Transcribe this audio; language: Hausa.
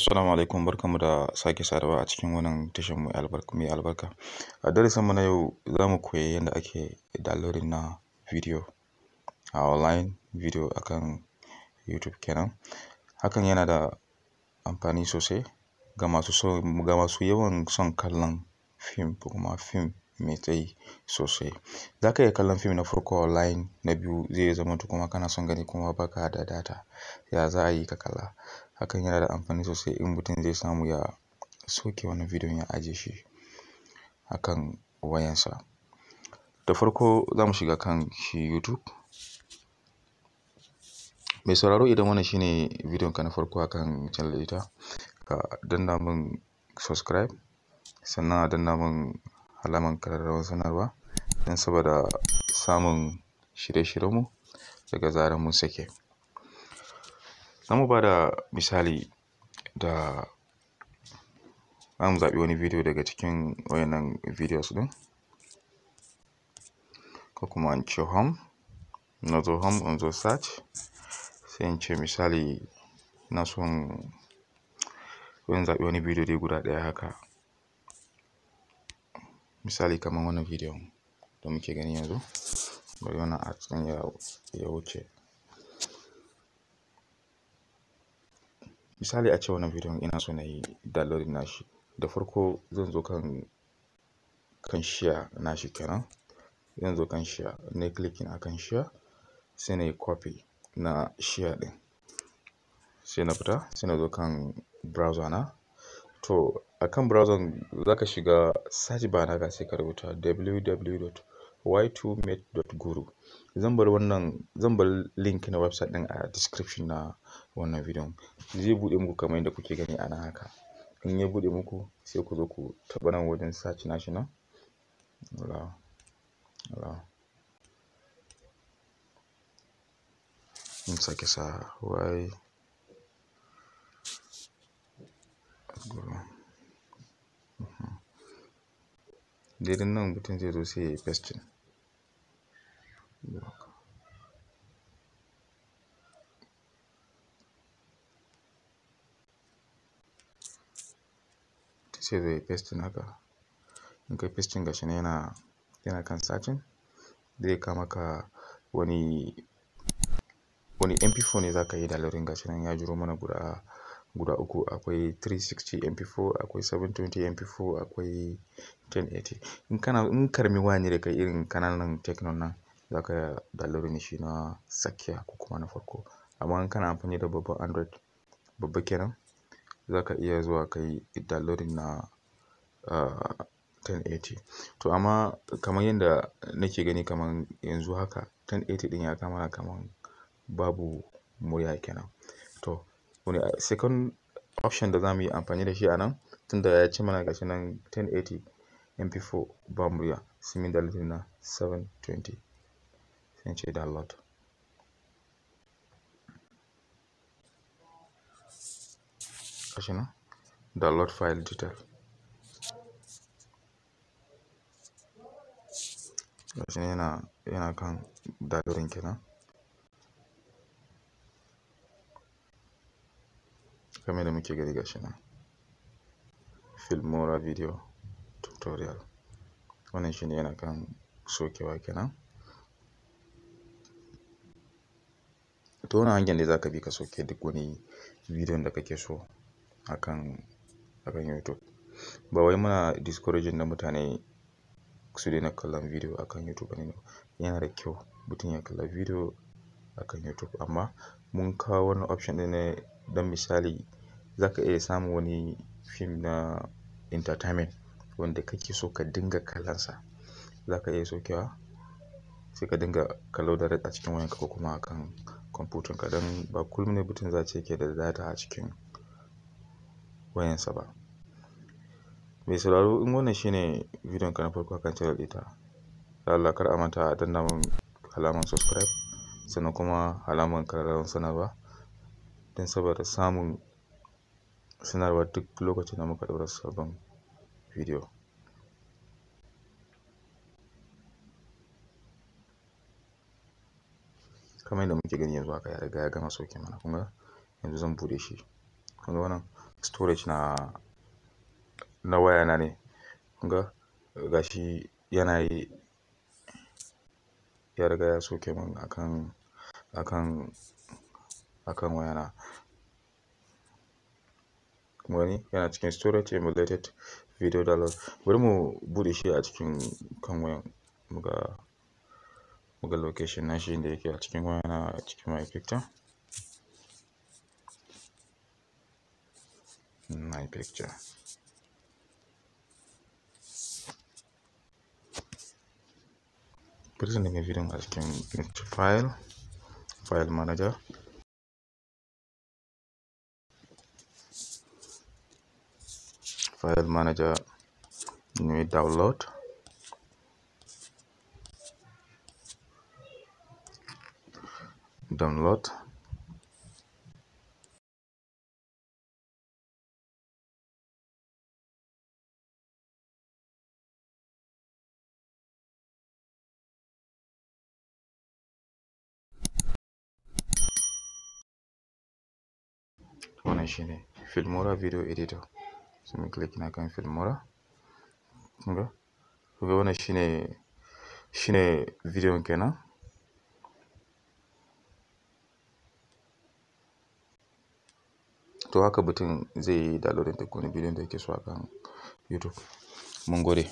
Assalamu alaikum barkanmu da sake saduwa a cikin wannan tashar mu mai albarka. A darasin mu na yau za mu koyi yadda ake downloading na video a online video akan YouTube kenan. Hakan yana da amfani sosai ga masu so ga masu yawan son kallon fim ko kuma fim mai tsayi sosai. Za ka iya kallon fim na farko online, na biyu zai zamanto kuma kana son gani kuma ba ka da data. Ya za a yi ka kalla? Hakan yana da amfani sosai in mutum zai samu ya soke wani bidiyon ya ajiye shi a kan wayansa. Da farko za mu shiga kan shi YouTube. Mai sauraro idan wannan shine ka na farko a kan channel ita ka danna mun subscribe sannan a danna min alaman ƙararrawar sanarwa don saboda samun shirye-shiryenmu daga zarar mun sake. za mu ba da misali da za mu zaɓi wani bidiyo daga cikin wayannan videos ɗin ko kuma in ce home na zo home in zo search sai in ce misali na son in zaɓi wani bidiyo dai guda ɗaya haka misali kamar wannan bidiyon da muke gani yanzu bari wannan a ɗin ya wuce misali a ce wannan bidiyon ina so na yi downloading nashi da farko zan zo kan kan share nashi kenan zan zo kan share na yi clicking kan share sai na yi copy na share din sai na fita sai na zo kan browser na to a kan browser za ka shiga search bar ga sai ka rubuta www y 2 mateguru Zan bar wannan, zan bar link na website din a description na wannan video Zai bude muku kamar yadda kuke gani a nan haka. In ya bude muku sai ku zo ku taba nan wajen search nashi nan. Wala, wala. In sake sa y guru. Mhm. Daidai nan mutum zai zo sai ya yi pasting. sai zai yi haka. In kai yi pasting gashi ne yana, kan searching. Zai kama ka wani, wani MP4 ne za ka yi downloading gashi nan ya jiro mana guda, guda uku. Akwai 360 MP4, akwai 720 MP4, akwai 1080. In kana, in ne da kai irin kananan Tecno nan. zaka ka downloading shi na tsakiya ko kuma na farko amma in kana amfani da babban android babba kenan zaka iya zuwa kai yi downloading na uh, ah, 1080 to amma kamar yadda nake gani kamar yanzu haka 1080 din ya kama kamar babu murya kenan to wani second option da za mu yi amfani da shi a nan tunda ya ce mana gashi nan 1080 mp4 ba murya simin dalilin na 720 sai in ce download gashi nan download file detail gashi yana yana kan dalirin kenan kamar da muke gari gashi nan filmora video tutorial wannan shine yana kan sokewa kenan ta wani hanyar ne za ka bi ka sauke duk wani bidiyon da kake so akan, akan YouTube. Ba wai muna discouraging na mutane su daina kallon a akan YouTube ne Yana da kyau mutum ya kalla bidiyo kan YouTube amma mun kawo wani option ɗin ne don misali za ka iya samun wani fim na entertainment wanda kake so ka dinga kallonsa. Za ka iya saukewa sai ka dinga kallo direct a cikin wayanka ko kuma akan. kwamfutan ka don ba kullum ne mutum za ce yake da data a cikin wayansa ba mai sauraro in wannan shine bidiyon ka na farko akan channel da Allah kar a manta a danna min alamar subscribe sannan kuma alamar kararrawar sanarwa don saboda samun sanarwa duk lokacin da muka ɗaura sabon bidiyo kamar yadda muke gani yanzu haka ya riga ya gama sauke mana kun ga yanzu zan bude shi kun ga wannan storage na na waya na ne kun ga gashi yana yi ya riga ya soke min akan akan akan waya na wani yana cikin storage emulated video download bari mu bude shi a cikin kan wayan mu ga muga location na shi inda yake a cikin wayana a cikin my picture my picture bari zan dinga bidiyon a cikin file file manager file manager new download download wannan filmora video editor sai mu click na kan filmora kunga kunga wannan shine shine video kenan To haka mutum zai yi downloading duk wani bidiyon da yake so akan YouTube. Mun gode.